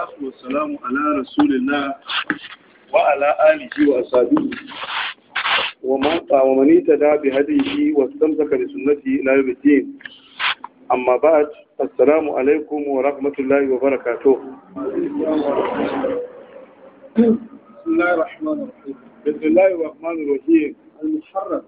salatu wassalamu ala rasulillah wa ala alihi wa ashabihi wa man wa man ittaba bi hadihi wa istamsaka bi sunnati ila amma ba'd assalamu alaikum wa rahmatullahi wa barakatuh bismillahir rahmanir rahim bismillahir rahmanir rahim muharram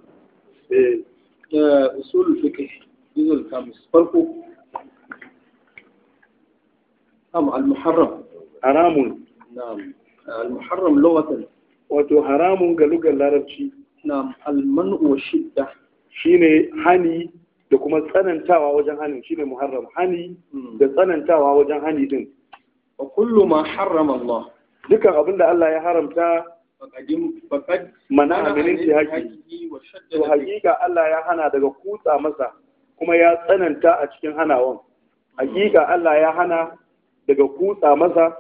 eh. eh, haramun na'am al-muharram lughatan wato haramun ga lugar larabci na'am al-man'u shine hani da kuma tsanantawa wajen Shi ne muharram hani hmm. da tsanantawa wajen hani din wa kullu ma harrama Allah dukan abin da Allah ya haramta mana aminin shi haƙi to haƙiƙa Allah ya hana daga kutsa masa kuma ya tsananta a cikin hanawan hmm. haƙiƙa Allah ya hana daga kutsa masa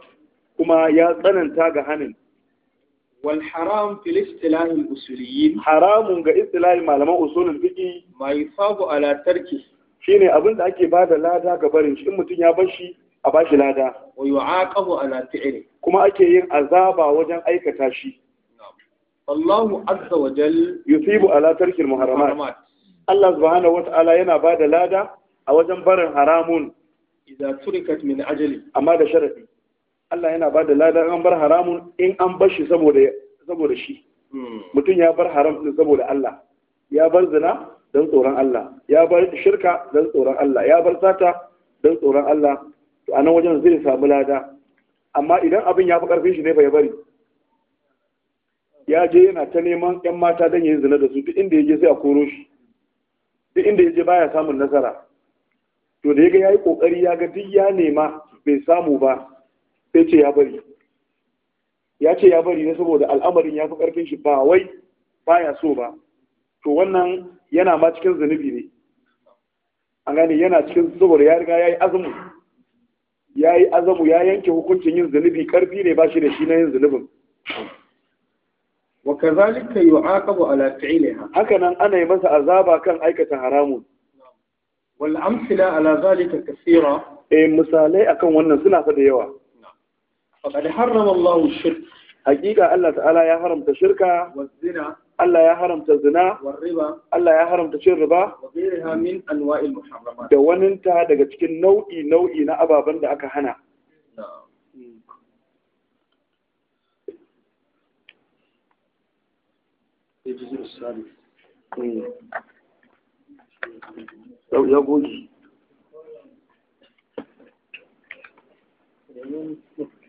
kuma ya tsananta ga hannun. wal haram fil istilah al haramun ga istilah malaman usulul fiqh ma yusabu ala tarki shine abin da ake bada lada ga barin shi in mutum ya bar shi a bashi lada wa yu'aqabu ala fi'li kuma ake yin azaba wajen aikata shi Allahu azza wa jal yusibu ala tarkil muharramat Allah subhanahu wata'ala yana bada lada a wajen barin haramun idza turikat min ajali amma da sharafi. Allah yana ba da ladan an bar haramun in an bar shi saboda shi hmm. mutum ya bar haram din saboda Allah ya bar zina don tsoron Allah ya bar shirka don tsoron Allah ya bar sata don tsoron Allah to anan wajen zai samu lada amma idan abin ya fi ƙarfin shi ne fa ya bari ya je yana ta neman yan mata don yin zina da su duk inda ya je sai a koro shi duk inda ya je baya samun nasara to da ya ga ya yi ƙoƙari ya ga duk ya nema bai samu ba sai ce ya bari ya ce ya bari ne saboda al'amarin ya fi ƙarfin shi ba wai baya so ba to wannan yana ma cikin zunubi ne an gane yana cikin saboda ya riga ya yi azumi ya yi azumi ya yanke hukuncin yin zunubi ƙarfi ne ba shi da shi na yin zunubin wa kazalika yu'aqabu ala fi'liha haka nan ana yi masa azaba kan aikata haramun wal amsila ala zalika kaseera eh misalai akan wannan suna fa da yawa faqad harrama Allahu shirk hakika Allah ta'ala ya haramta shirka Allah ya haramta zina Allah ya haramta cin riba daga cikin nau'i nau'i na ababan da aka hana ya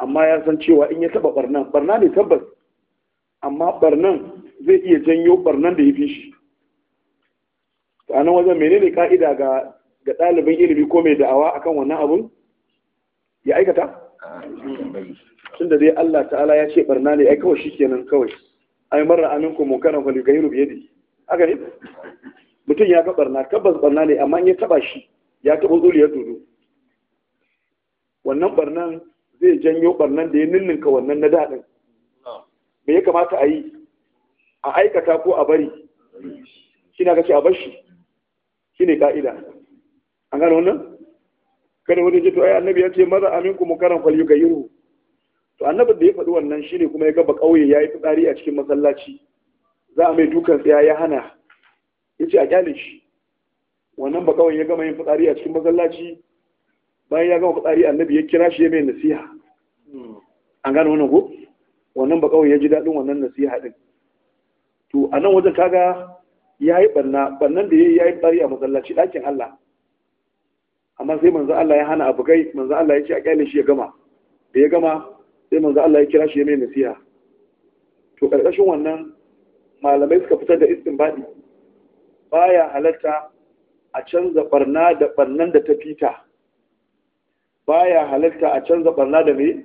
amma ya san cewa in ya taba barnan barna ne tabbas amma barnan zai iya janyo barnan da ya fi shi a nan wajen menene ka'ida ga ga ɗalibin ilimi ko mai da'awa akan wannan abun ya aikata da dai Allah ta'ala ya ce barna ne ai kawai shi kenan kawai ai marra aminku munkaran fa yughayyiru bi yadi haka ne mutum ya ga barna tabbas barna ne amma in ya taba shi ya taba zuliyar dudu wannan barnan zai janyo barnan da ya ninninka wannan na daɗin me ya kamata a yi a aikata ko a bari shi na kace a bar shi ne ka'ida an gano wannan kada wani jito to ai annabi ya ce maza aminku mukaran fal yugayiru to annabin da ya faɗi wannan shine kuma ya gaba ƙauye ya yi fitsari a cikin masallaci za a mai dukan tsaya ya hana ya ce a kyale shi wannan ba kawai ya gama yin fitsari a cikin masallaci bayan ya gama fitsari annabi ya kira shi ya mai nasiha an gano wani ko wannan ba kawai ya ji daɗin wannan nasiha din to a nan wajen kaga ya yi ɓanna, ɓannan da ya yi ya yi fitsari a masallaci ɗakin Allah amma sai manzo Allah ya hana abu kai manzo Allah ya ce a kyale shi ya gama da ya gama sai manzo Allah ya kira shi ya mai nasiha to ƙarƙashin wannan malamai suka fitar da istinbadi baya halatta a canza barna da barnan da ta fita baya halatta a canza barna da me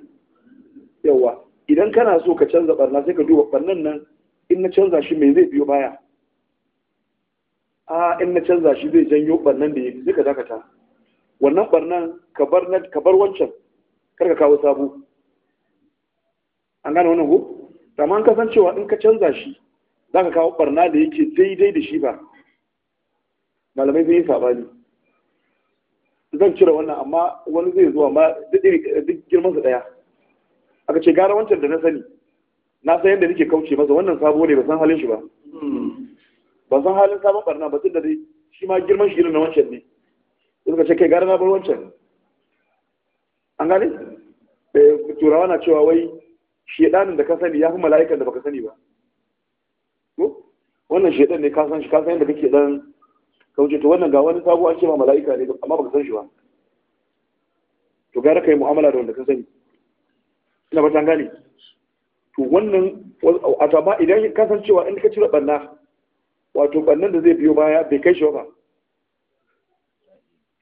yawa idan kana so ka canza barna sai ka duba barnan nan in na canza shi me zai biyo baya a in na canza shi zai janyo barnan da yake sai ka dakata wannan barnan ka bar na ka bar wancan kar ka kawo sabo an gane wannan ko amma an kasancewa in ka canza shi za ka kawo barna da yake daidai da shi ba malamai zai yi sabani zan cire wannan amma wani zai zuwa ma duk girman su daya aka ce gara wancan da na sani na san yadda nake kauce masa wannan sabo ne ba san halin shi ba ba san halin sabon barna ba tunda dai shi ma girman shi irin na wancan ne suka ce kai gara na bar wancan an gane eh, turawa na cewa wai shedanin da ka sani ya fi mala'ikan da baka sani ba wannan shedan ne ka san shi ka san yadda kake dan ka wuce to wannan ga wani sabo an ce ma mala'ika ne amma baka san shi ba to gara kai mu'amala da wanda ka sani ina ba gane to wannan a tama idan ka san cewa in ka cire banna wato bannan da zai biyo baya bai kai shi ba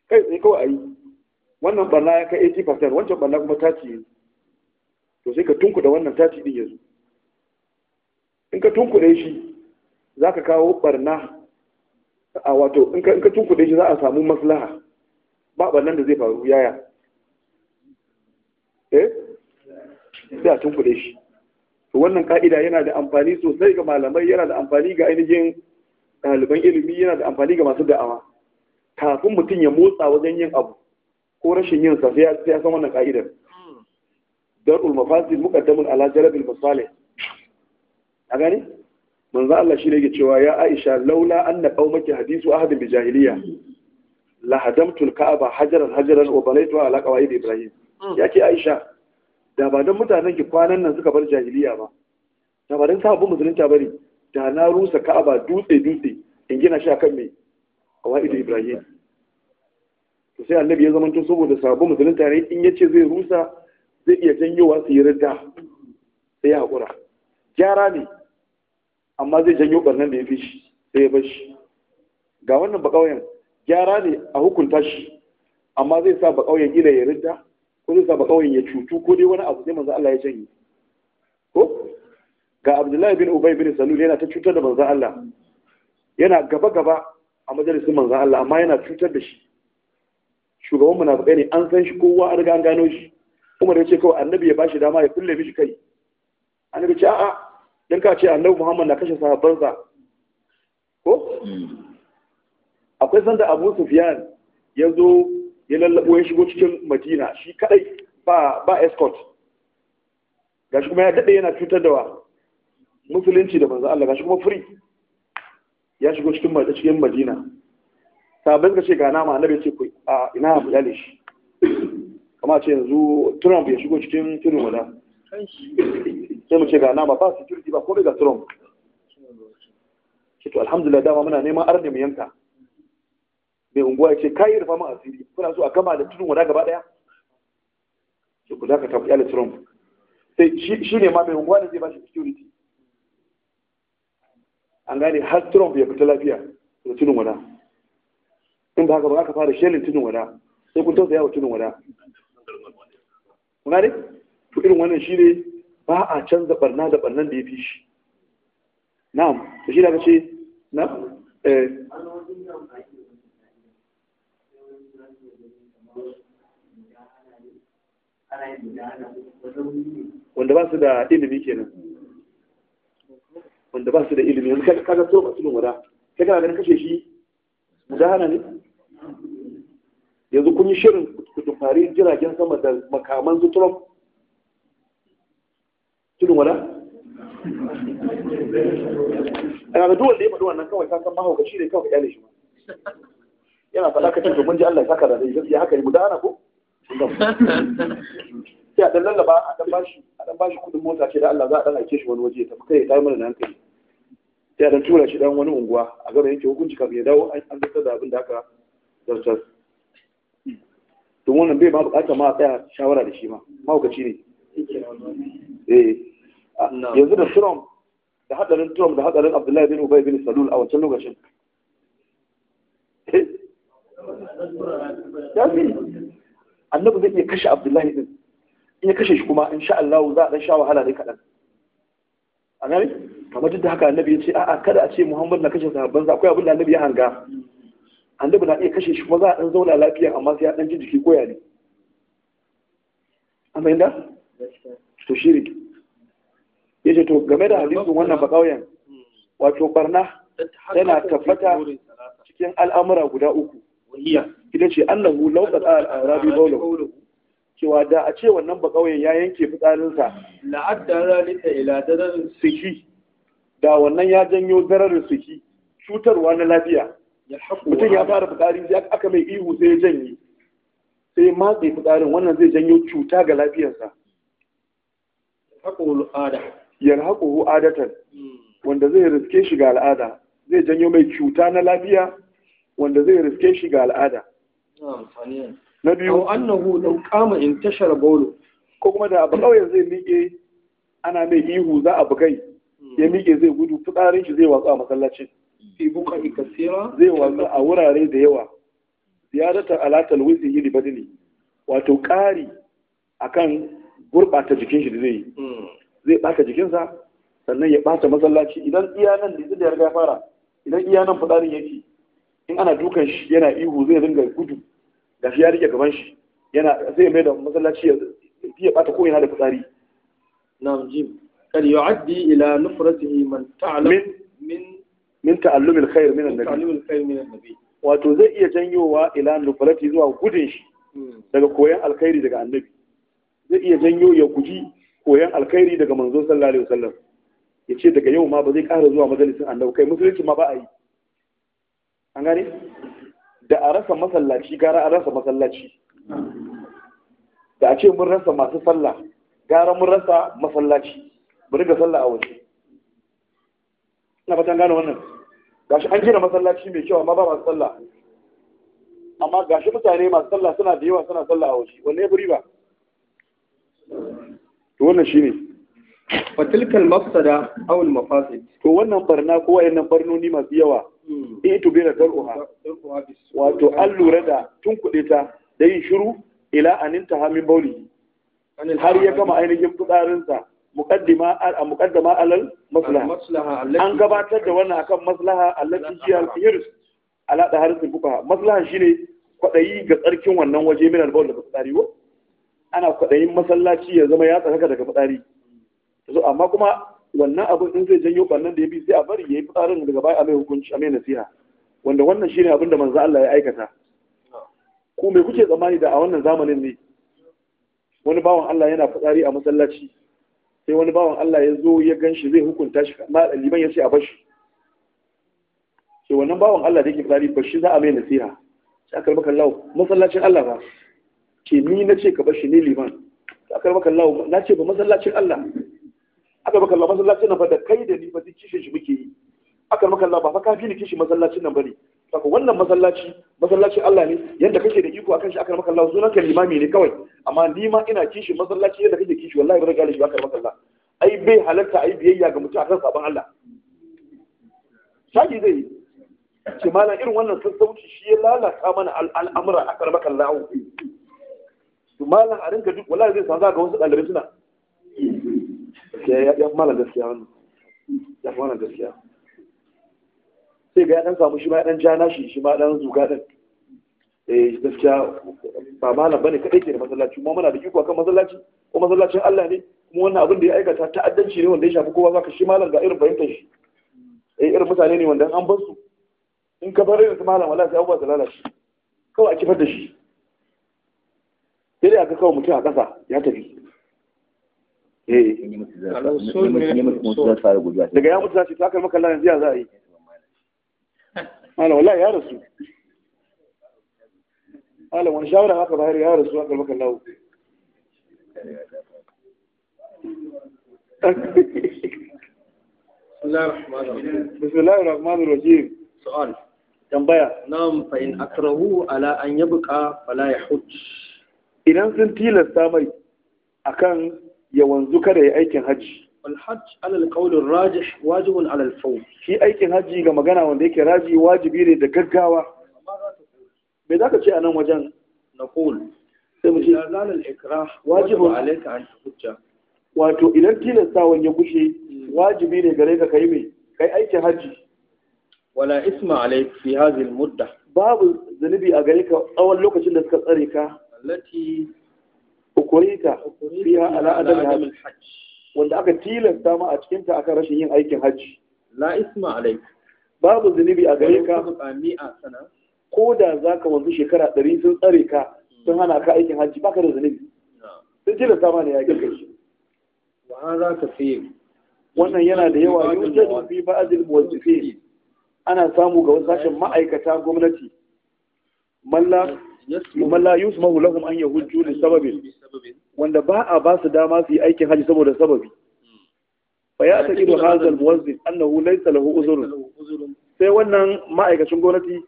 kai sai kawai a yi wannan banna ya kai 80% wancan banna kuma taci ne to sai ka tunku da wannan taci din yanzu in ka tunku da shi za ka kawo barna a wato in ka tunkuɗe shi za a samu maslaha ba nan da zai faru yaya eh sai a tunkuɗe shi to wannan ka'ida yana da amfani sosai ga malamai yana da amfani ga ainihin ɗaliban ilimi yana da amfani ga masu da'awa kafin mutum ya motsa wajen yin abu ko rashin yin sa sai ya san wannan ka'idar hmm. dar'ul mafasid muqaddamun ala jalbil masalih a gani manzo Allah shi ne yake cewa ya Aisha laula anna qaumaki hadisu ahadin bi jahiliya la hadamtul ka'aba hajaran hajaran wa banaitu ala qawaid ibrahim mm. yake Aisha da ba dan mutanen ki kwanan nan suka bar jahiliya ba da ba dan sahabbu musulunta bari da na rusa ka'aba dutse dutse in gina shi akan me qawaid ibrahim to sai annabi ya tun saboda sahabbu musulunta ne in yace zai rusa zai iya janyowa su yi ridda sai ya hakura gyara ne amma zai janyo barnan da ya fi shi sai ya bar shi ga wannan baƙauyen gyara ne a hukunta shi amma zai sa bakauyen gida ya rinta ko zai sa baƙauyen ya cutu ko dai wani abu sai manzo Allah ya janye ko ga Abdullahi bin Ubay bin Salul yana ta cutar da manzo Allah yana gaba gaba a majalisin manzo Allah amma yana cutar da shi shugaban munafikai ne an san shi kowa an riga an gano shi Umar ya ce kawai annabi ya bashi dama ya kulle mishi kai annabi ce a'a don ka ce annabi muhammad na kashe sahabbansa ko hmm. akwai sanda abu sufiyan ya zo ya lallabo ya shigo cikin madina shi kadai ba ba escort gashi kuma ya dade yana cutar da wa musulunci da manzo Allah gashi kuma free ya shigo cikin madina cikin madina sabon ka ce ga nama annabi ce a ina abu yale shi kama ce yanzu Trump ya shigo cikin tunu wala sai mu ce ga nama ba security ba komai ga strong ce to alhamdulillah dama muna neman arne mu yanka mai unguwa ya ce kayi rufa mu asiri kuna so a gama da tudun wada gaba daya ce ku zaka tafi ala trump sai shi ne ma mai unguwa da zai ba shi security an gane har trump ya fita lafiya da tudun wada in ba haka ba aka fara shelin tudun wada sai kun tausaya wa tudun wada kuna ne to irin wannan shi ne ba a canza barna da barnan da ya fi shi na'am to shi da ka ce na eh wanda ba su da ilimi kenan wanda ba su da ilimi wanda ka ga so fasulun wada kai kana ganin kashe shi mudahana ne yanzu kun yi shirin ku jiragen sama da makaman su Trump tudun wada ana da duwanda ya faɗi wannan kawai kasan mahaukaci ne kawai kyale shi ma yana faɗa ka cikin to mun ji Allah ya saka da zai ya haka ne guda ana ko sai a dan lallaba a dan bashi a dan bashi kudin mota ce da Allah za a dan aike shi wani waje ya tafi kai ya tayi mana hankali sai a dan tura shi dan wani unguwa a gaba yake hukunci kafin ya dawo an zartar da abin da aka zartar domin wannan bai ma bukatar ma a tsaya shawara da shi ma mahaukaci ne eh yanzu da Trump da hadarin Trump da hadarin Abdullahi bin Ubay bin Salul a wancan lokacin eh? yafi annabi zai iya kashe Abdullahi din in ya kashe shi kuma in sha Allah za a dan sha wahala ne kaɗan a gani kamar duk da haka annabi ya ce a'a kada a ce Muhammad na kashe sa akwai abin da annabi ya hanga annabi na iya kashe shi kuma za a dan zauna lafiya amma sai ya dan ji jiki koya ne an fahimta to shi ce to game da hadisin wannan bakauyen hmm. wato barna yana tabbata cikin al'amura guda uku ita ce annahu law qata al-arabi cewa da a ce wannan bakauyen ya yanke fitsarinsa la'addara lita ila darar siki da wannan ya janyo darar siki cutarwa na lafiya mutum ya fara fitsari sai aka mai ihu sai ya janye sai matse fitsarin wannan zai janyo cuta ga lafiyarsa yarhaquhu adatan wanda zai riske shi ga al'ada zai janyo mai cuta na lafiya wanda zai riske shi ga al'ada na biyu annahu law qama intashara bawlu ko kuma da abu kawai zai miƙe ana mai ihu za a bugai hmm. ya miƙe zai gudu fitsarin shi zai watsa a masallacin zai watsa a wurare da yawa ziyaratar alatar wizi yi libadini wato ƙari akan gurɓata jikin shi da zai yi hmm. zai ɓata jikinsa sannan ya ɓata masallaci idan iya nan litin da ya riga fara idan iya nan fitsarin yake in ana dukan shi yana ihu zai dinga gudu da shi ya rike gaban shi yana zai mai da masallaci ya ɓata ko yana da fitsari na'am jim kad yu'addi ila nufratihi man ta'lam min min ta'allum alkhair min annabi wato zai iya janyowa ila nufrati zuwa gudun shi hmm. daga koyon alkhairi daga annabi zai iya janyo ya guji koyan alkhairi daga manzo sallallahu alaihi wasallam ya ce daga yau ma ba zai ƙara zuwa majalisin annabi kai musulunci ma ba a yi an gane da a rasa masallaci gara a rasa masallaci da a ce mun rasa masu sallah gara mun rasa masallaci mun riga sallah a waje ina fatan gane wannan gashi an gina masallaci mai kyau amma ba masu sallah amma gashi mutane masu sallah suna da yawa suna sallah a waje wanne ya buri ba to wannan shine fatilkal mafsada aw al mafasid to wannan barna ko wayannan barnoni masu yawa hmm. in to bira uha wato allura da tun kuɗe ta da yin shiru ila aninta hamin bauli har ya gama ainihin sa muqaddima al muqaddama alal maslaha an gabatar da wannan akan maslaha allati ji al hirs ala da harfin fuqaha maslaha shine kwadayi ga tsarkin wannan waje min al bauli da fitsari ana kwaɗayin masallaci ya zama ya tsaka daga fitsari so amma kuma wannan abin in zai janyo ɓannan da ya bi sai a bari ya yi fitsarin daga baya a mai hukunci a mai nasiha wanda wannan shine abin da manzo Allah ya aikata ku me kuke tsammani da a wannan zamanin ne wani bawan Allah yana fitsari a masallaci sai wani bawan Allah ya zo ya gan shi zai hukunta shi amma liman ya ce a bashi sai wannan bawan Allah da yake fitsari bashi za a mai nasiha sai aka rubuta lau masallacin Allah ba ke ni na ce ka bar shi ne liman aka baka Allah na ce ba masallacin Allah aka baka Allah masallacin nan fa da kai da ni ba duk kishin shi muke yi aka baka Allah ba fa kafi ni kishin masallacin nan bane saka wannan masallaci masallacin Allah ne yanda kake da iko akan shi aka baka Allah zuwa kan limami ne kawai amma ni ma ina kishin masallaci yanda kake kishi wallahi ba riga shi aka baka Allah ai bai halatta ai biyayya ga mutum akan sabon Allah shaki zai yi ce malam irin wannan sassauci shi ya lalata mana al'amura a karbakan lahu to malam a rinka duk wallahi zai samu ga wasu ɗalibai suna ya fi malam gaskiya wannan ya fi malam gaskiya sai ga ya ɗan samu shi ma ya ɗan ja nashi shi ma ɗan zuga ɗan eh gaskiya ba malam bane kadai ke da masallaci kuma muna da iko kan masallaci ko masallacin Allah ne kuma wannan abin da ya aikata ta'addanci ne wanda ya shafi kowa zaka shi malam ga irin bayyantar shi eh irin mutane ne wanda an bar su in ka bar irin su malam wallahi sai abubuwa su lalace kawai a kifar da shi sai dai aka kawo mutum a ƙasa ya tafi daga ya mutu zafi takar maka lana ziya za a yi ala wallahi ya rasu ala wani shawara haka bayar ya rasu haka maka lawo bismillahir rahmanir rahim su'al tambaya na'am fa in akrahu ala an yabqa fala yahuj idan sun tilasta mai akan ya wanzu kada ya aikin hajji alhajj alal qawlin rajih wajibun alal fawd shi aikin hajji ga magana wanda yake raji wajibi ne da gaggawa me zaka ce a nan wajen naqul sai mu ce lalal ikrah wajibun alayka an hujja wato idan tilastawan ya kushe mm. wajibi ne gare ka kai mai kai aikin hajji wala isma alayk fi hadhihi mudda babu zanibi a gare ka tsawon lokacin da suka tsare ka allati ukurita fiha ala adam al-hajj wanda aka tilasta ma a cikin ta akan rashin yin aikin hajji la isma alaik babu zunubi a gare ka ko da za ka wanzu shekara ɗari sun tsare ka sun hana ka aikin hajji baka da zunubi Sai tilasta ma ne ya kai shi wa za ka wannan yana da yawa yujadu fi ba'dil muwazzifin ana samu ga wasu sashen ma'aikata gwamnati malla kuma la yusmahu lahum an yahujju li sababi wanda ba a ba su dama su yi aikin haji saboda sababi fa ya taqidu hadha al-muwazzin annahu laysa lahu uzrun sai wannan ma'aikacin gwamnati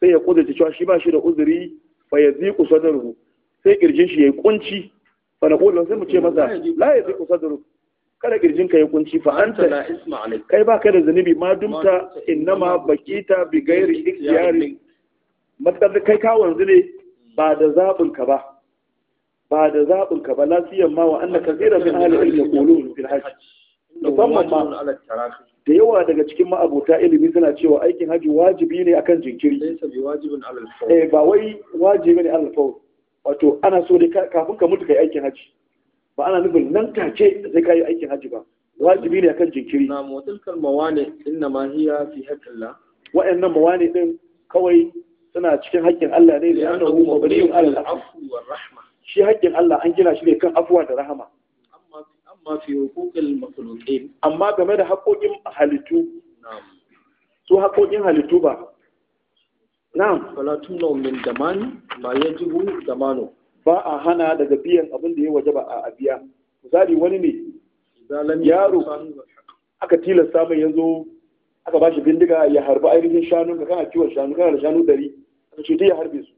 sai ya kudurta cewa shi ba shi da uzuri fa yaziqu sadruhu sai kirjin shi yayi kunci fa na kullu sai mu ce masa la yaziqu sadruhu kada kirjin ka yi kunci fa anta la isma alayk kai ba kai da zanubi ma dumta innama bakita bi ghairi ikhtiyari matakar kai kawo yanzu ne ba da zaɓinka ba ba da zaɓinka ba lafiyan ma wa annaka zira min ahli ilmi qulun fil haji musamman ma da yawa daga cikin ma'abota ilimi suna cewa aikin hajji wajibi ne akan jinkiri eh ba wai wajibi ne alal wato ana so dai kafin ka mutu kai aikin hajji ba ana nufin nan take sai ka yi aikin hajji ba wajibi ne akan jinkiri na kalmawa ne inna ma hiya fi la wa'annan mawane din kawai suna cikin haƙƙin Allah ne da yana hu mabriyun Allah afu wa rahma shi haƙƙin Allah an gina shi ne kan afuwa da rahama amma fi huquqil makhluqin amma game da haƙoƙin halittu su haƙoƙin halittu ba na'am fala tumnu min daman ma yajibu damanu ba a hana daga biyan abin da ya waje ba a abiya misali wani ne yaro aka tilasta mai yanzu aka ba shi bindiga ya harba ainihin shanu ga kana kiwon shanu kana da shanu dari ce ta ya harbe su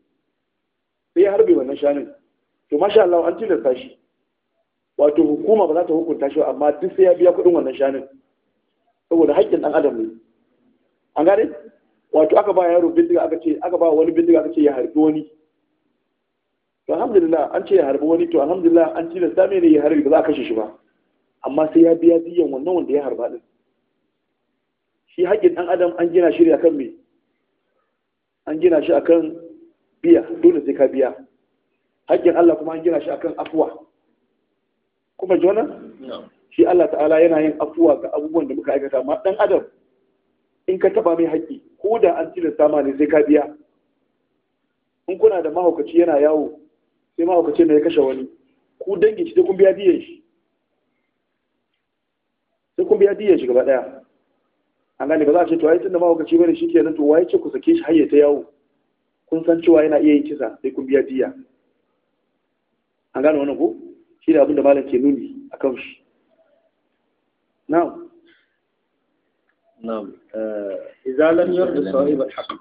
sai ya harbe wannan shanun to masha Allah an tilasta shi wato hukuma ba za ta hukunta shi amma duk sai ya biya kuɗin wannan shanun saboda haƙƙin ɗan adam ne an gane wato aka ba yaro bindiga aka ce aka ba wani bindiga aka ce ya harbi wani to alhamdulillah an ce ya harbi wani to alhamdulillah an tilasta mai ne ya harbi ba za a kashe shi ba amma sai ya biya diyan wannan wanda ya harba din shi haƙƙin ɗan adam an gina shirya kan mai an gina shi akan biya dole sai ka biya haƙƙin Allah kuma an gina shi akan afuwa kuma ji wannan shi Allah ta'ala yana yin afuwa ga abubuwan da muka aikata amma dan adam in ka taba mai haƙƙi ko da an tilasta sama ne sai ka biya in kuna da mahaukaci yana yawo sai mahaukacin da ya kashe wani ku dangin shi sai kun biya diyan shi sai kun biya diyan shi gaba daya an gane ba za a ce to ai tunda mahaukaci bane shi kenan to waye ce ku sake shi hayyata ta yawo kun san cewa yana iya yin kisa sai kun biya diya an gane wannan ko shi da abin da malam ke nuni a kan shi na'am na'am eh, idan lam yarda sahibul haqq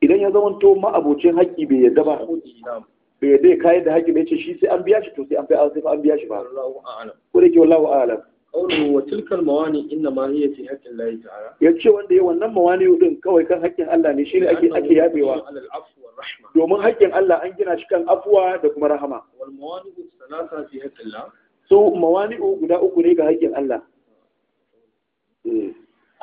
idan ya zama to ma'abocin haƙƙi bai yarda ba bai yarda ya kayar da haƙƙi bai ce shi sai an biya shi to sai an biya shi ba ko da ke wallahu a'lam qawluhu wa tilka mawani inna ma hiya wannan mawani din kawai kan haƙƙin Allah ne shine ake ake yabewa domin haƙƙin Allah an gina shi kan afwa da kuma rahama wal mawani mawani'u guda uku ne ga haƙƙin Allah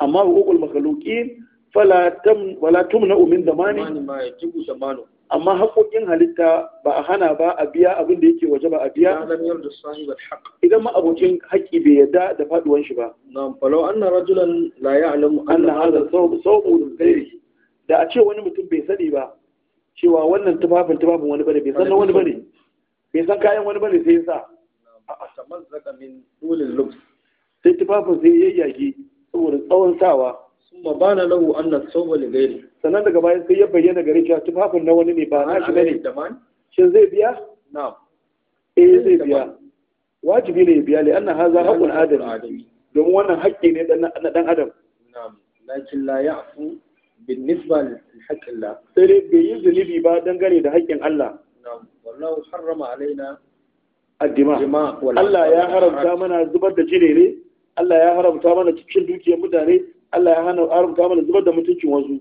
amma hukukul makhluqin fala tam wala min zamani ma yajibu zamanu amma haƙoƙin halitta ba a hana ba a biya abin da yake waje ba a biya idan ma abokin haƙƙi bai yarda da faduwan shi ba na'am falau anna rajulan la ya'lamu anna hadha thawb thawb ghayrihi da a ce wani mutum bai sani ba cewa wannan tufafin tufafin wani bane bai san wani bane bai san kayan wani bane sai ya sa a tamazzaka min dulil lubs sai tufafin sai yayyage saboda tsawon sawa kuma ba na lahu an na sauwa sannan daga bayan sai ya bayyana gare cewa tufafin na wani ne ba na shi bane shin zai biya na'am eh zai biya wajibi ne ya biya li anna haza haqqul adam domin wannan haƙƙi ne na dan adam na'am lakin la ya'fu bin nisba li sai dai bai yi zunubi ba dangane da haƙƙin Allah na'am wallahu harrama alaina addima Allah ya haramta mana zubar da jire ne Allah ya haramta mana cikin dukiyar mutane Allah ya hana haramta mana zubar da mutuncin wasu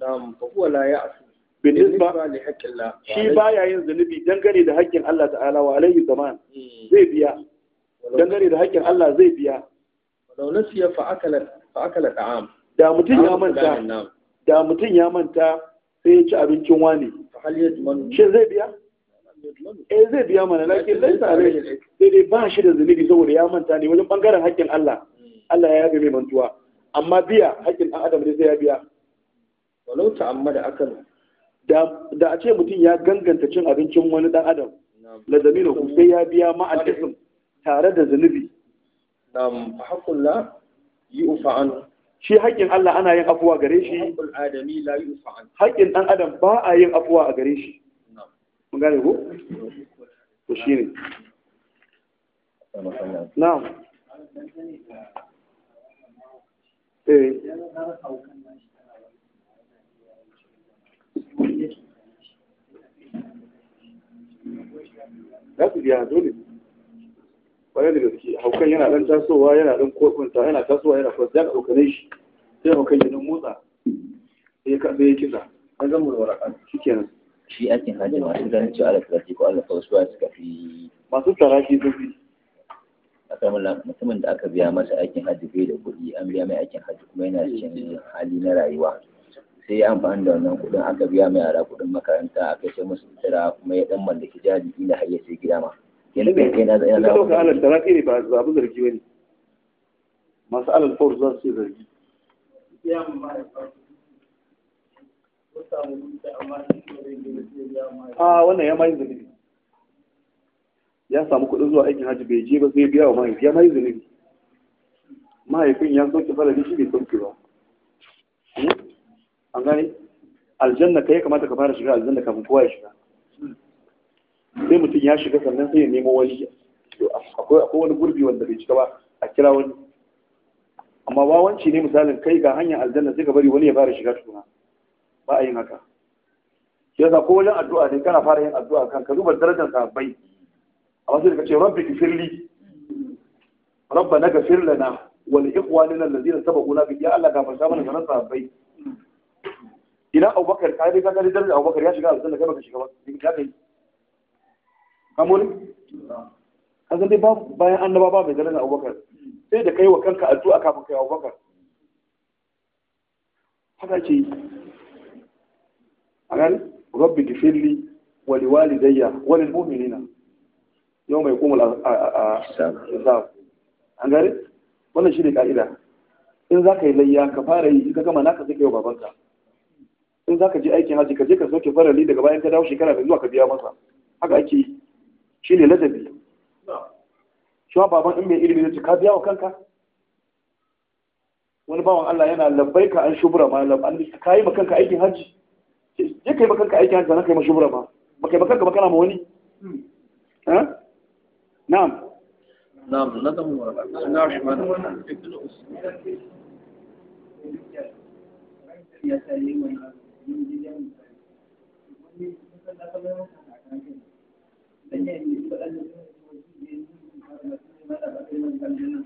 na'am fa huwa la ya'su bin li haqqillah shi baya yin zunubi dangane da haƙƙin Allah ta'ala wa alaihi zaman hmm. zai biya dangane da haƙƙin Allah zai biya walau nasiya fa akala fa ta'am da mutum ya manta da mutum ya manta sai ya ci abincin wani shi zai biya eh zai biya mana lakin lai tare sai dai ba shi da zunubi saboda ya manta ne wajen bangaren haƙƙin Allah hmm. Allah ya yabe mai mantuwa amma biya haƙƙin ɗan adam ne zai ya biya walau amma da aka da a ce mutum ya ganganta cin abincin wani ɗan adam na zamina ku sai ya biya ma'al tare da zunubi na haqqul yi yu'fa an shi haƙƙin Allah ana yin afuwa gare shi haƙƙin ɗan adam ba a yin afuwa a gare shi mun gane na'am eh za su biya dole kwanar da gaske haukan yana dan tasowa yana dan kokunta yana tasowa yana kwasa ya ɗaukane shi sai haukan ya dan motsa sai ya kaɗa ya kiza an zama da waraka shi kenan shi aikin hajji masu ganin cewa ala tsarki ko ala fausuwa suka fi masu tsara shi sun fi aka mutumin da aka biya masa aikin hajji bai da kuɗi an mai aikin hajji kuma yana cikin hali na rayuwa sai ya amfani da wannan kuɗin aka biya mai yara kuɗin makaranta aka ce musu tara kuma ya dan mallaki jari har ya gida ma yanzu bai kai na da ba zargi a wannan ya samu kuɗin zuwa aikin hajji bai je ba zai biya wa mahaifi ya mai zunubi mahaifin ya sauke farali shi bai sauke ba hmm? an gani aljanna kai kamata ka fara shiga aljanna kafin kowa ya shiga sai mutum ya shiga sannan sai ya nemo wani akwai wani gurbi wanda bai cika ba a kira wani amma wawanci ne misalin kai ga hanyar aljanna sai ka bari wani ya fara shiga tukuna ba a yin haka yasa ko wajen addu'a ne kana fara yin addu'a kan ka zuba darajar bai amma sai ka ce rabbi gifirli rabba na gafir lana wal ikhwanin allazina sabaquna bi ya Allah gafarta mana sanan sahabbai ina Abubakar kai yi ka gani darajar Abubakar ya shiga aljanna kai baka shiga ba ka kai kamar kaga dai bayan annaba ba mai darajar Abubakar sai da kai wa kanka addu'a kafin kai Abubakar haka ce a ran rabbi gifirli wa liwalidayya wani lil mu'minina yau mai kuma a hisab an gari wannan shi ne ka'ida in za ka yi layya ka fara yi ka gama naka zai kai wa babanka in za ka je aikin haji ka je ka sauke farali daga bayan ka dawo shekara mai zuwa ka biya masa haka ake yi shi ne ladabi shi ma baban in mai ilimi zai ka biya wa kanka wani bawan Allah yana labbai ka an shubura ma labbai ka yi makanka kanka aikin haji je ka yi ma kanka aikin haji sannan ka yi ma shubura ma ba ka yi ma kanka ba kana ma wani hmm. نعم نعم ندم بسم الله الرحمن الرحيم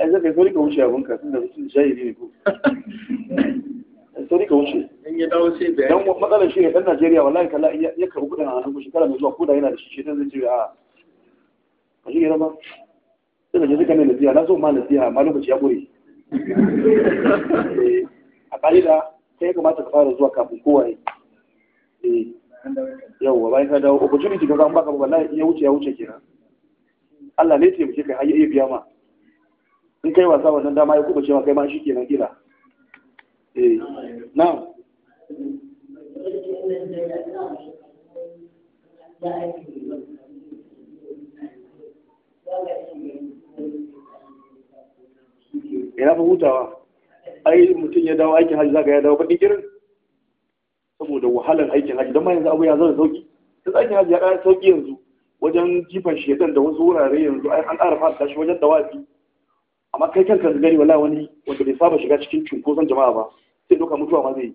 ai zaka sauri ka wuce abinka tun da mutum jahili ne ko sauri ka wuce in ya matsalar shi ne dan Najeriya wallahi kalla ya a zuwa ko yana da ba shi ba sai da je suka mai nasiha na so ma nasiha ma lokaci ya kure eh, a ƙa'ida sai ya kamata ka fara zuwa kafin kowa eh, yau yawwa bayan ka dawo opportunity ka zama baka wallahi ya wuce ya wuce kenan Allah ne taimake ka hayya iya biya ma in kai wasa wannan dama ya kubace ma kai ma shi kenan kila na da ake ya fi hutawa ai mutum ya dawo aikin hajji zaka ya dawo baɗi girin saboda wahalar aikin hajji don ma yanzu abu ya zama sauƙi, sai aikin hajji ya ƙara sauƙi yanzu wajen jifan shedan da wasu wurare yanzu an ƙara fata shi wajen dawafi amma kai kan gani wala wani wanda bai saba shiga cikin cunkoson jama'a ba sai doka mutuwa ma zai yi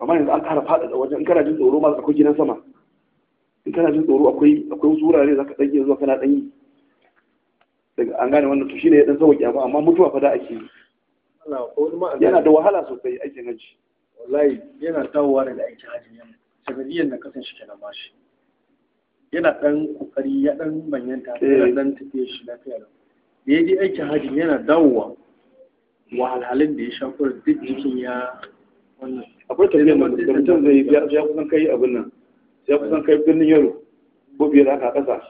amma yanzu an ƙara fada da wajen in jin tsoro ma akwai gidan sama in kana jin tsoro akwai akwai wasu wurare za ka ɗanyi zuwa kana ɗanyi daga an gane wannan to shine ya ɗan sauƙi abu amma mutuwa fa da ake yi yana da wahala sosai aikin hajji wallahi yana dawowa daga aikin hajji ne sanadiyyar na kasan shi kenan bashi yana ɗan ƙoƙari ya ɗan manyanta yana eh. ɗan tafiya shi lafiya da ya je aikin hajji yana dawowa wahalhalun da ya sha duk jikin ya wannan akwai tafiyar da mutum zai ya kusan kai abin nan sai kusan kai birnin yaro ko biyar aka ƙasa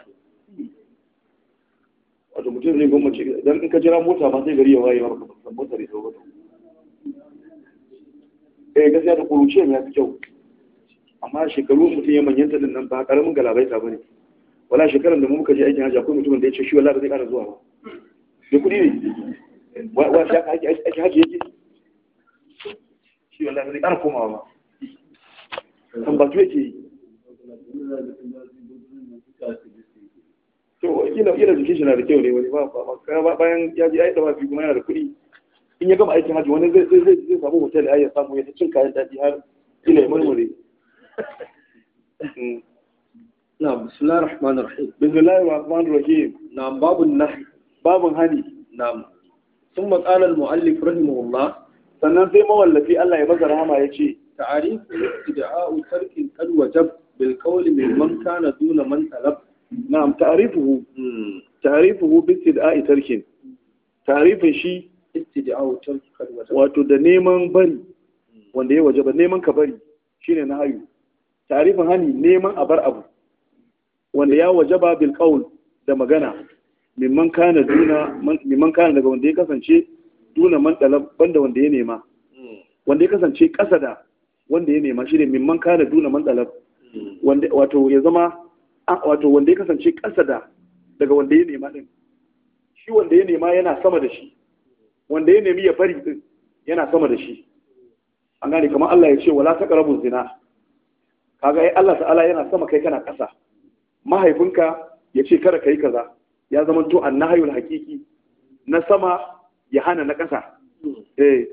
wato mutum zai ce idan in ka jira mota ma sai gari ya waye maka ba san mota ne sau wata eh gaskiya da kuruce ya fi kyau amma shekaru mutum ya manyanta din nan ba karamin ta bane wala shekaran da muka je aikin haja akwai mutumin da ya ce shi wallahi ba zai ƙara zuwa ba da kuɗi ne wa shi aka aiki hajji yake shi wallahi zai ƙara komawa ba tambatu ke yi to kila kila jikin shi na da kyau ne wani ba bayan ya je aika mafi kuma yana da kuɗi in ya gama aikin hajji wani zai zai zai samu hotel ai ya samu ya cin kayan daɗi har kila ya murmure نعم بسم الله الرحمن الرحيم بسم الله الرحمن الرحيم نعم باب النهي باب هني نعم ثم قال sannan sai mawallafi Allah ya maza rahama ya ce ta'arif istida'u tarkin qad wajab bil qawli mimman kana duna man talab na'am ta'rifuhu hmm. ta'rifuhu bi istid'a'i tarkin ta'rifin shi istid'a'u tarki wato da neman bari hmm. wanda ya waje ba neman ka bari shine na hayu ta'rifin hani neman a bar abu wanda ya waje ba bil qawl da magana mimman kana duna mimman kana daga wanda ya kasance duna man talab banda wanda ya nema hmm. wanda ya kasance kasa da wanda ya nema shine mimman kana duna man talab wato ya zama wato wanda ya kasance ƙasa da daga wanda ya nema din shi wanda ya nema yana sama da shi wanda ya nemi ya bari din yana sama da shi an gane kamar Allah ya ce wala taqrabu zina kaga ai Allah ta'ala yana sama kai kana ƙasa mahaifinka ya ce kada kai kaza ya zama to annahayul haqiqi na sama ya hana na ƙasa hmm. eh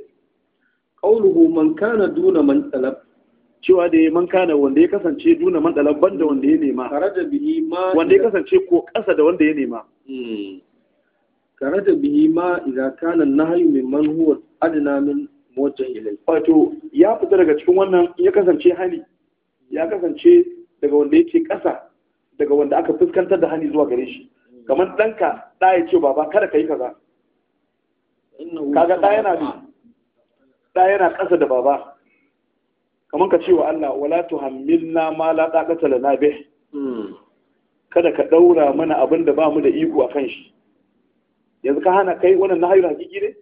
qauluhu man kana duna man talab cewa da man kana wanda ya kasance duna man dalaban da wanda ya nema wanda ya kasance ko ƙasa da wanda ya nema hmm. karata bihi ma idza kana nahyu mimman huwa adna min mota ilai wato ya fita daga cikin wannan ya kasance hani ya kasance daga wanda yake ƙasa daga wanda aka fuskantar da hani zuwa gare shi hmm. kamar ɗanka ɗa ya ce baba kada ka yi kaza kaga ɗa yana ɗa yana ƙasa da baba kamar ka ce wa Allah wala tuhammilna ma la taqata lana bih hmm. kada ka daura mana abin da bamu da iko a kan shi yanzu ka hana kai wannan nahayi hakiki ne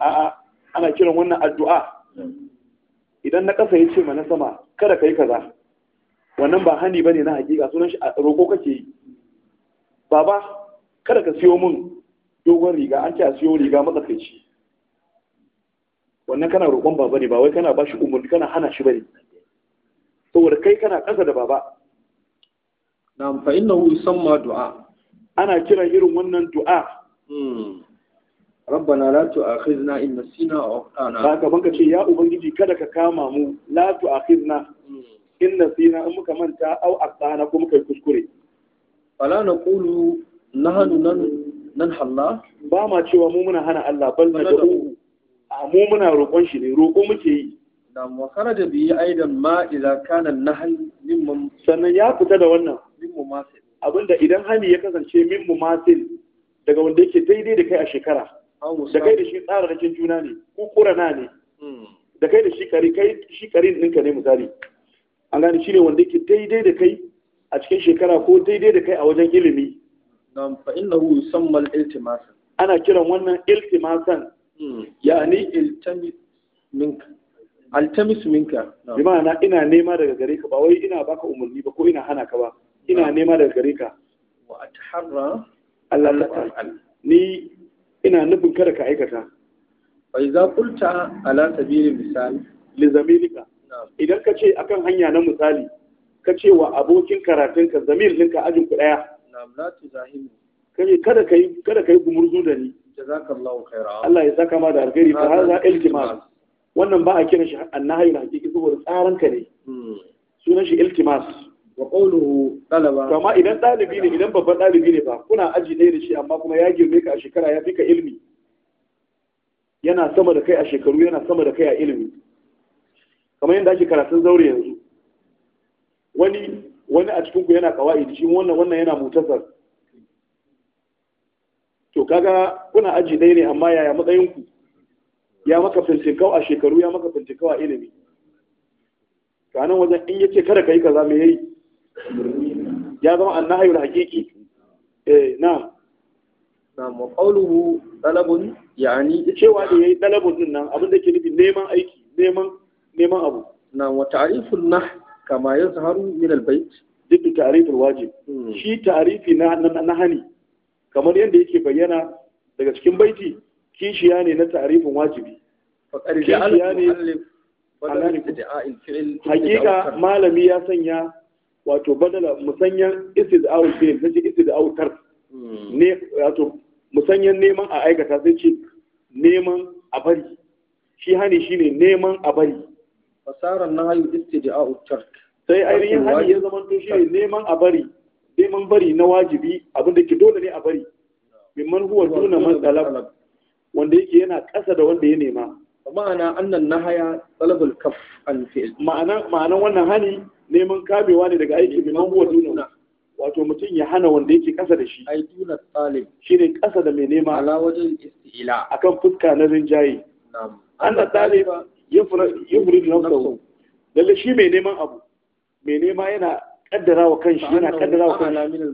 a'a ana kiran wannan addu'a idan na kasa yace ma na sama kada kai kaza wannan ba hani bane na hakika sunan shi roko kake yi baba kada ka siyo mun dogon riga an ce a siyo riga matsakaici wannan kana roƙon baba ne ba wai kana ba shi umarni kana hana shi bane saboda kai kana ƙasa da baba na fa innahu yusamma du'a ana kiran irin wannan du'a hmm. rabbana la tu'akhidna in nasina aw akhtana ba ka banka ce ya ubangiji kada ka kama mu la tu'akhidna hmm. in nasina in muka manta aw akhtana ko muka kuskure fala naqulu nahnu nan nan halla ba ma cewa mu muna hana Allah bal na da'u a mu muna roƙon shi ne roƙo muke yi da mu da bi aidan ma idza kana na hannun sannan ya fita da wannan mimmu masil abinda idan hani ya kasance mimmu masil daga wanda yake daidai da kai a shekara da kai da shi tsara rakin juna ne ko kurana ne hmm. da kai da shi kari kai shi ne misali an gane shi ne wanda yake daidai da kai a cikin shekara ko daidai da kai a wajen ilimi nam fa innahu yusamma al ana kiran wannan iltimasan yani iltamis minka altamis minka bi ma'ana ina nema daga gare ka ba wai ina baka umarni ba ko ina hana ka ba ina nema daga gare ka wa atharra Allah ta ni ina nufin kada ka aikata fa idza qulta ala sabili misal li zamilika idan ka ce akan hanya na misali ka ce wa abokin karatun ka zamil ɗinka ajin ku ɗaya kada ka yi gumurzu da ni Allah ya saka ma da alkhairi fa hadha iltimas wannan ba a kira shi annahi na hakiki saboda tsaran ka ne hmm. sunan shi iltimas wa qawluhu talaba kama idan dalibi ne idan babban dalibi ne ba kuna aji ne da shi amma kuma ya girme ka a shekara ya fika ilmi yana sama da kai a shekaru yana sama da kai a ilmi kamar yadda ake karatun zauri yanzu wani wani a cikin ku yana kawai shi wannan wannan yana mutasar kaga kuna aji dai ne amma yaya matsayin ku ya maka fintinkau a shekaru ya maka fintinkau a ilimi kanan wajen in yace kada ka yi kaza me yayi ya zama annahayul haqiqi eh na'am na'am wa qawluhu talabun yani cewa da yayi talabun din nan abin da ke nufi neman aiki neman neman abu na'am wa ta'rifun nah kama yazharu min al-bayt duk ta'riful wajib hmm. shi ta'rifi na nahani kamar yadda yake bayyana daga cikin baiti kishiya ne na tarifin wajibi kishiya ne hakika malami ya sanya wato badala musanyan istid'a'ul na nace istid'a'ul tarf hmm. ne wato musanyan neman a aikata sai ce neman a bari shi hani shine neman a bari fasaran nahyu istid'a'ul tark sai ainihin hani ya zama to shi neman a bari Neman bari na wajibi abin da ke dole ne a bari Min huwa duna man talab wanda yake yana ƙasa da wanda ya nema ma'ana annan nahaya talabul kaf an fi'l ma'ana ma'anan wannan hani neman kabewa ne daga aiki Min huwa duna wato mutum ya hana wanda yake ƙasa da shi ai duna talib shine ƙasa da mai nema ala wajen istila akan fuska na rinjaye na'am annan talib na nafsahu lalle shi mai neman abu mai nema yana kaddara wa kanshi yana kaddara wa kanshi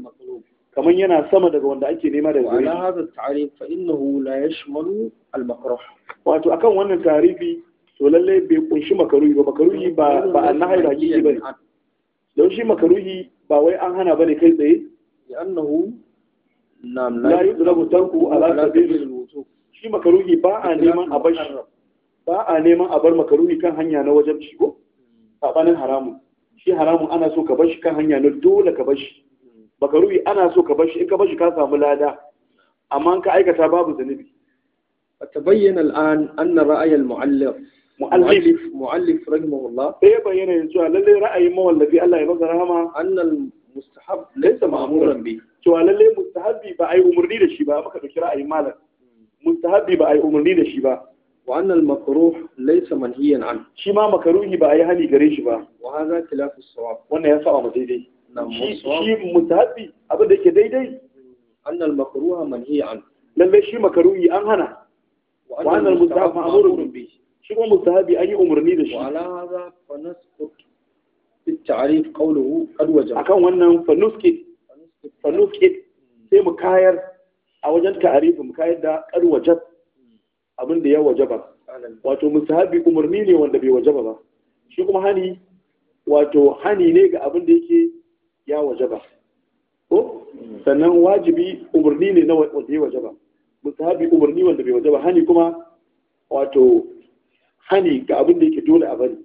kamar yana sama daga wanda ake nema daga gare shi hadha ta'rif fa innahu la yashmalu al makruh wato akan wannan tarifi to lalle bai kunshi makaruhi ba makaruhi ba ba annahai da hakiki bane don shi makaruhi ba wai an hana bane kai tsaye annahu nam la yudrabu tanku ala sabilil wutu shi makaruhi ba a neman a bar ba a neman a bar makaruhi kan hanya na wajabci ko sabanin haramun shi haramun ana so ka bashi, shi kan hanya na dole ka bashi. shi makaruhi ana so ka bashi, in ka bashi ka samu lada amma in ka aikata babu zunubi tabayyana al'an anna ra'ayal mu'allaf mu'allif mu'allif rahimahullah sai bayyana yanzu lalle ra'ayin mawallafi Allah ya baka rahama annal mustahab laysa ma'muran bi cewa lalle mustahabi ba ai umurni da shi ba maka dauki ra'ayin malam hmm. mustahabi ba ai umurni da shi ba وأن المكروه ليس منهيا عنه شي ما مكروه با اي حالي غري شي با وهذا خلاف الصواب وانا يا صواب ديدي نعم شي شي متهدي ابو دك ديدي ان المكروه منهي عنه لما شي مكروه أنا هنا وان المستحب مامور به شي هو متهدي اي امرني ده وعلى هذا فنسكت التعريف قوله قد وجب اكن wannan فنسكت فنسكت فنسكت سي مكاير a wajen ta'arifin kayar da ƙarwajar abin da ya wajaba wato musahabi umarni ne wanda bai wajaba ba shi kuma hani wato hani ne ga abin da yake ya wajaba ko sannan wajibi umarni ne na wanda ya wajaba musahabi umarni wanda bai wajaba hani kuma wato hani ga abin da yake dole a bari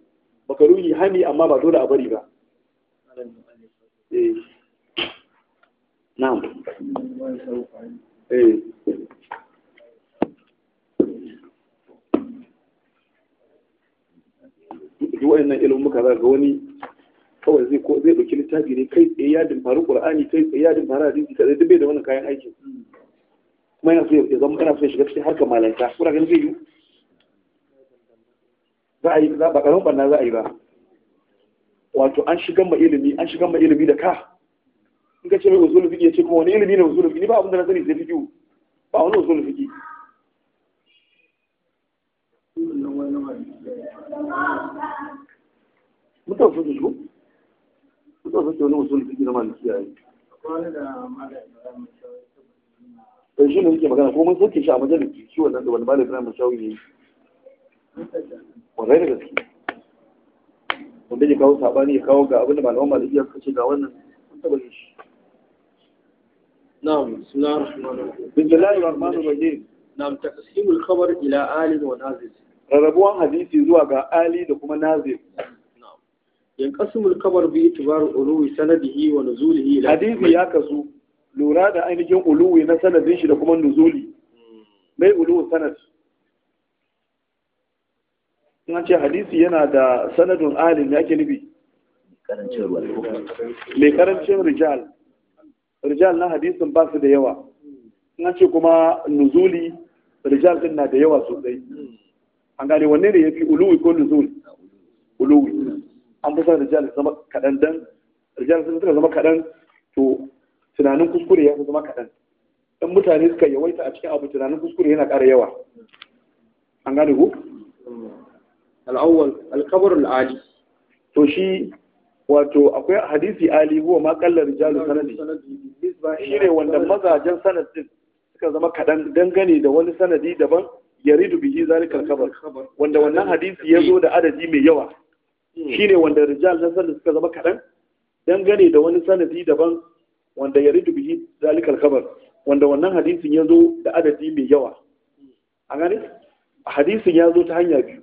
makaruni hani amma ba dole a bari ba eh. na'am eh binciki waɗannan ilmuka za ga wani kawai zai ko zai dauki littafi ne kai tsaye ya faru ƙur'ani kai tsaye ya dimfari hadisi kaɗai duk bai da wannan kayan aiki kuma yana so ya zama kana so ya shiga cikin harkar malanta kura ganin zai yi za a yi ba ƙaramin ɓanna za a yi ba wato an shigan ma ilimi an shigan ma ilimi da ka in ka ce mai usulul fiqh ya ce kuma wani ilimi ne usulul fiqh ni ba abin da na sani sai fiqh ba wani usulul fiqh mutum su su mutum su ke wani usul fiki na malikiya yi to eh, shi ne muke magana ko mun soke shi a majalisi shi wannan da wani malam Ibrahim Mashawi ne wannan da gaske wanda ya kawo sabani ya kawo ga abin da malaman malikiya suka ce ga wannan mun taba shi na'am bismillahir rahmanir rahim nam taqsimul khabar ila ali wa nazil rarrabuwan hadisi zuwa ga ali da kuma nazil ينقسم الخبر باعتبار علو سنده ونزوله الى حديث ya kasu lura da ainihin uluwi na sanadin shi da kuma nuzuli hmm. mai uluwi sanad in ce hadisi yana da sanadun alim ya ke nufi mai karancin rijal rijal na hadisin ba su da yawa in ce kuma nuzuli rijal din na da yawa sosai an gane wanne ne yafi uluwi ko nuzul uluwi an fi rijal zama kaɗan dan rijal sun suka zama kaɗan to tunanin kuskure ya fi zama kaɗan dan mutane suka yawaita a cikin abu tunanin kuskure yana ƙara yawa an gane ko al-awwal al-qabr al-ali to shi wato akwai hadisi ali huwa ma qallar rijal sanadi ne wanda mazajen sanadin din suka zama kaɗan dangane da wani sanadi daban ya ridu bihi zari kalkabar wanda wannan hadisi ya zo da adadi mai yawa shine wanda rijal na sanadi suka zama kaɗan dangane da wani sanadi daban wanda ya ridu bihi zari kabar wanda wannan hadisin ya zo da adadi mai yawa a gani hadisin ya zo ta hanya biyu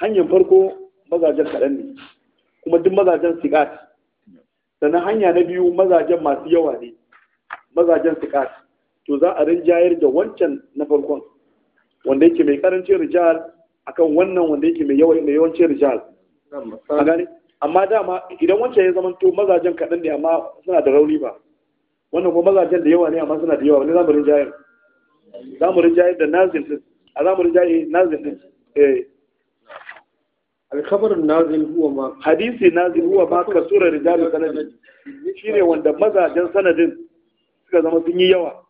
hanyar farko mazajen kaɗan ne kuma duk mazajen sigat sannan hanya na biyu mazajen masu yawa ne mazajen sigat to za a rinjayar da wancan na farkon wanda yake mai karancin rijal akan wannan wanda yake mai yawancin rijal a gani amma dama idan wancan ya zama to mazajen kaɗan ne amma suna da rauni ba wannan kuma mazajen da yawa ne amma suna da yawa wani mu rinjayar mu rinjayar da nazil din a mu rinjayar nazil din eh alkhabar nazil huwa ma hadisi nazil huwa ma kasura rijal sanadin shine wanda mazajen sanadin suka zama sun yi yawa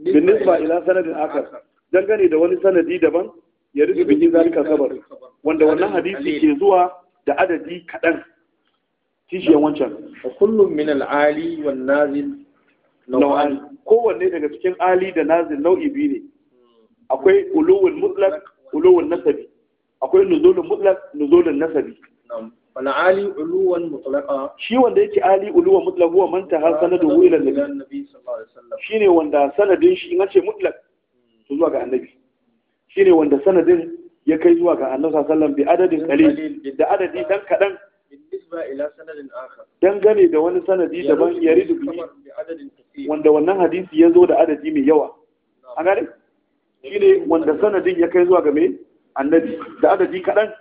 bin ila sanadin akar dangane da wani sanadi daban ya rufe bikin zalika sabar wanda wannan hadisi ke zuwa da adadi kaɗan kishiyan wancan kullum min al'ali wal nazil nau'an kowanne daga cikin ali da nazil nau'i biyu ne akwai ulowin mutlak ulowin nasabi akwai nuzulun mutlak nuzulun nasabi wal ali uluwan mutlaqa shi wanda yake ali uluwan mutlaq huwa man tahassana da ila nabi sallallahu alaihi shine wanda sanadin shi in ce mutlak to zuwa ga annabi shine wanda sanadin ya kai zuwa ga annabi sallallahu bi adadin qalil da adadi dan kadan بالنسبه الى سند اخر dangane da wani sanadi daban ya ridu bi wanda wannan hadisi ya zo da adadi mai yawa an gane shine wanda sanadin ya kai zuwa ga mai annabi da adadi kadan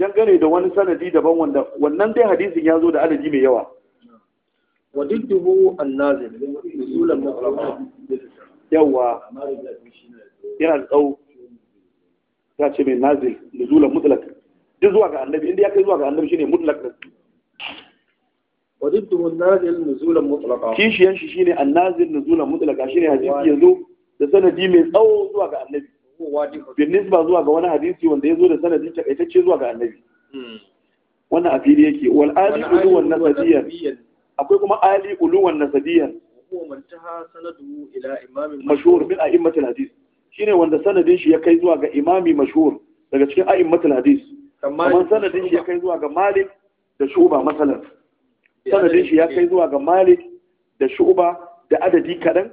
dangane da wani sanadi daban wanda wannan dai hadisin ya zo da adadi mai yawa wa didduhu annazil nuzulan yawa yana da tsawo ya ce mai nazil nuzulan mutlak duk zuwa ga annabi inda ya kai zuwa ga annabi shine mutlak din wa annazil nuzulan mutlaqa kishiyan shi shine annazil nuzulan mutlaqa shine hadisi yazo da sanadi mai tsawo zuwa ga annabi bin nisba zuwa ga wani hadisi wanda ya zo da sanadi takaitacce zuwa ga annabi wannan a fili yake wal alifu wan nasabiyyan akwai kuma ali uluwan nasabiyan mashhur min a'immatul hadis shine wanda sanadin shi ya kai zuwa ga imami mashhur daga cikin a'immatul hadis kamar sanadin shi ya kai zuwa ga malik da shuba masalan sanadin shi ya kai zuwa ga malik da shuba da adadi kadan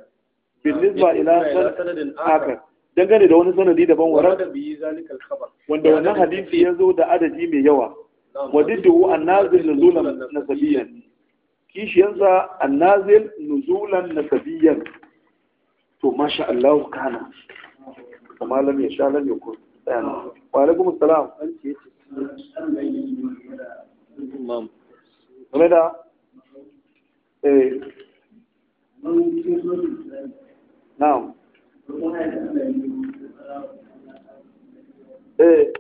bin nisba ila sanadin akar dangane da wani sanadi daban wara wanda wannan hadisi ya zo da adadi mai yawa wadiddu an nazil nuzulan nasabiyan كيش ينزى النازل نزولا نسبيا تو ما شاء الله كان كما لم يشاء لم يكن يعني وعليكم السلام ماذا إيه. نعم إيه.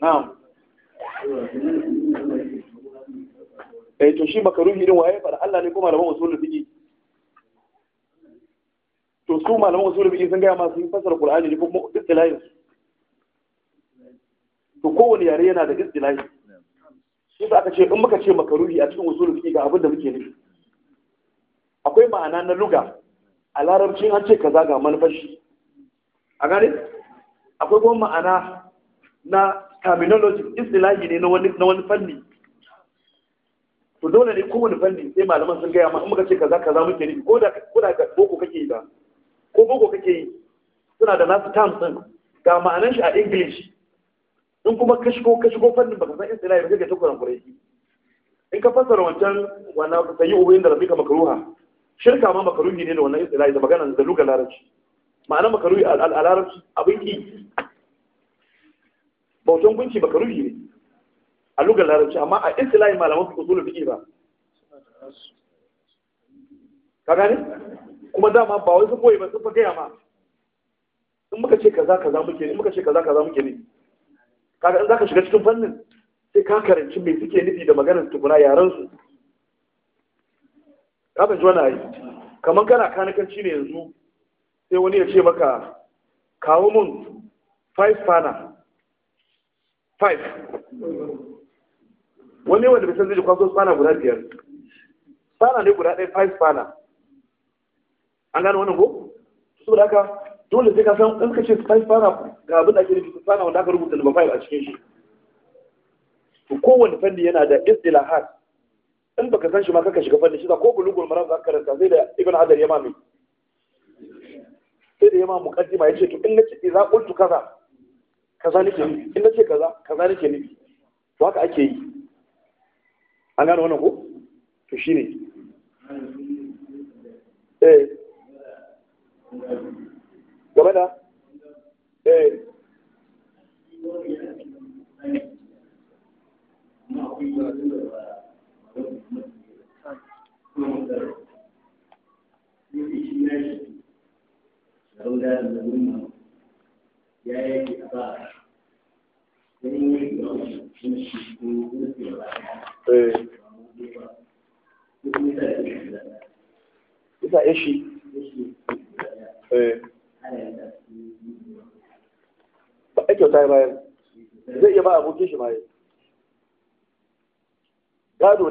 na'am eh to shi makaruhi din waye fara Allah ne kuma malaman usulul fiqi to su malamin usulul fiqi sun ga ma sun fassara Qur'ani ne ko istilahin to ko wani yare yana da istilahi shi da aka ce in muka ce makaruhi a cikin usulul fiqi ga abin da muke nufi akwai ma'ana na luga a larabci an ce kaza ga manufar shi a gane akwai kuma ma'ana na terminology istilahi ne na wani fanni to dole ne kowane fanni sai malaman sun gaya ma in muka ce kaza kaza muke nufi ko da ko da boko kake yi ba ko boko kake yi suna da nasu terms din ga ma'anar shi a english in kuma ka shigo ka shigo fannin baka san istilahi ba kake ta kuran in ka fassara wancan wannan sayi ubayin da rabbika makruha shirka ma makaruhi ne da wannan istilahi da magana da lugar larabci ma'anar makaruhi a larabci abin ki bautan gunki baka rufi ne a lugar larabci amma a istilahi malaman su usulul fiqh ba ka gane kuma dama ba wai sun koyi ba sun fa ma in muka ce kaza kaza muke ne in muka ce kaza kaza muke ne kaga in zaka shiga cikin fannin sai ka karanci me suke nufi da maganar tukuna yaran su ka fahimci wani ayi kamar kana kanakanci ne yanzu sai wani ya ce maka kawo mun five spanner five wani wanda bisan zai kwaso spana guda biyar spana ne guda ɗaya five spana an gano wannan ko su da haka dole sai ka san in ka ce five spana ga abin da ake nufi spana wanda aka rubuta number five a cikin shi to kowane fanni yana da istilahat in baka san shi ma kaka shiga fanni shi ko bulugul maram za ka karanta sai da ibn hadar yamami sai da yamma ya ce to in ce za ultu kaza kaza nake nufi in nace kaza kaza nake nufi to haka ake yi an gane wannan ko to shine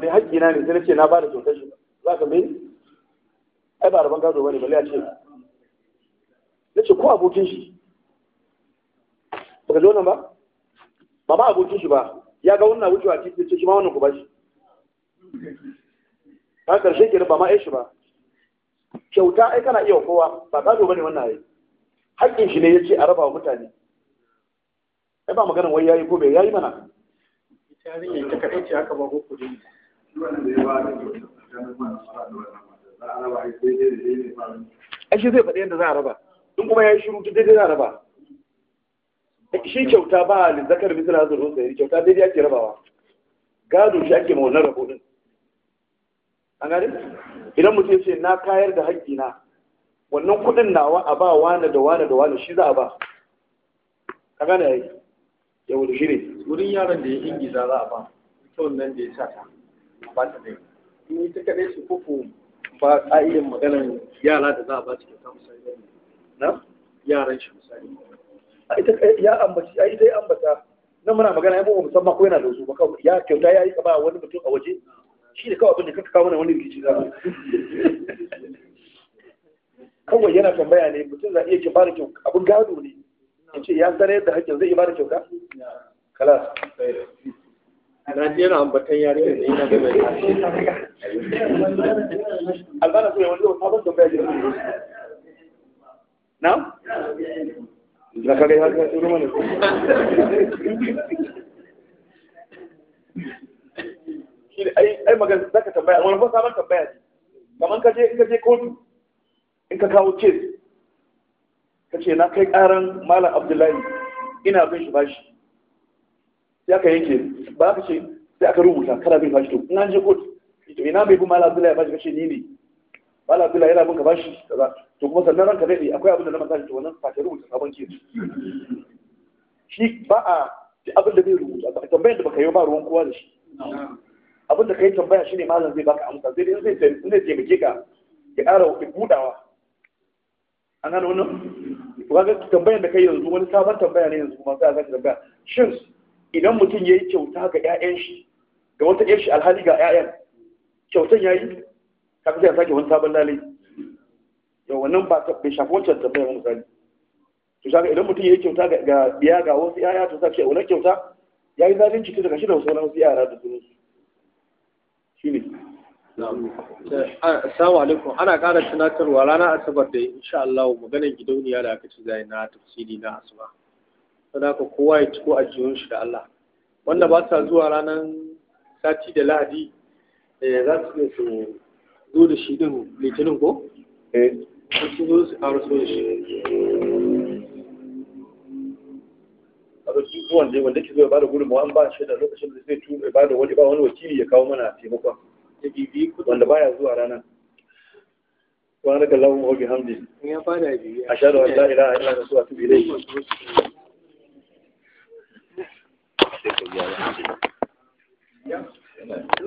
gado ne haƙƙi na ne sai ce na ba da kyautar shi za ka mai ai ba rabon gado bane balle a ce na ce ko abokin shi baka ji wannan ba ba ma abokin shi ba ya ga wannan wucewa titi ce shi ma wannan ku ba shi ta karshe ke ba ma ai shi ba kyauta ai kana iya kowa ba gado bane wannan ai haƙƙin shi ne ya ce a raba wa mutane ai ba maganin wai yi, ko bai yi mana tarihi ta kaɗai ce aka ba ko kuɗi Ashe zai faɗi yadda za a raba, in kuma ya yi shiru ta daidai za a raba. Shi kyauta ba a zakar misal hazin rosa yi kyauta daidai ake rabawa. Gado shi ake mawa na rabo ɗin. An gani? Idan mutum ya ce na kayar da haƙƙina, wannan kuɗin nawa a ba wane da wane da wane shi za a ba. Ka gane ya yi? Yau shi ne. Wurin yaron da ya ingiza za a ba, kyau nan da ya sa ta. ba ta da in ita kadai su koko ba ƙa'idin maganar yara da za a ba ta kyauta misali na yaran shi misali a ita ya ambaci a ita ya ambata nan muna magana ya mu musamman ko yana da su ba kawai. ya kyauta ya yi ka ba wani mutum a waje shi ne kawai abin da kaka kawo wani rikici za kawai yana tambaya ne mutum za iya ce ba da kyau abin gado ne Ya ce ya sanar da hakkin zai iya ba da kyauta kalas na ji yana ambatan yare da yana da mai albana ta yawan zuwa sabon da bayan na na kare har ka tsoro mana shi ai ai magana zaka tambaya wani ba sabon tambaya ne kaman ka je in ka je kotu in ka kawo case ka ce na kai karan malam abdullahi ina bin shi bashi ya ka yanke ba ka ce sai aka rubuta kana bin bashi to ina je kot to ina mai kuma malam ba bashi kace ni ne ba Abdullahi yana bin ka bashi kaza to kuma sannan ranka dai akwai abin da na masa to wannan ba ta rubuta sabon ke shi ba a abin da zai rubuta ba tambayar da baka yi ba ruwan kowa da shi abin da kai tambaya shine malam zai baka amsa sai dai zai zai taimake ka ya ƙara budawa an gano wannan to kaga tambayar da kai yanzu wani sabon tambaya ne yanzu kuma sai a zaka tambaya shin idan mutum ya yi kyauta ga 'ya'yan shi ga wata 'yar shi alhali ga 'ya'yan kyautan ya yi kafin sai sake wani sabon lalai yau wannan ba ta bai shafi wancan tambaya ba misali to shaka idan mutum ya yi kyauta ga biya ga wasu 'ya'ya to sake wannan kyauta ya yi zalin ciki daga shi da wasu wasu yara da su shine eh, Assalamu alaikum ana ƙara tunatarwa ranar Asabar da insha Allah maganar gidauniya da aka ci zai na tafsiri na Asuba. sadaka kowa ya ciko jiyon shi da Allah wanda ba sa zuwa ranar sati da lahadi eh, za su ne su zo da shi din litinin ko? eh su zo su karo so da shi a da su wanda wanda ke zo ya bada gudunmawa an ba shi da lokacin da zai tu ya bada wani ba wani wakili ya kawo mana taimakon wanda baya zuwa ranar سبحانك اللهم وبحمدك أشهد أن لا إله إلا أنت أستغفرك sai ka biya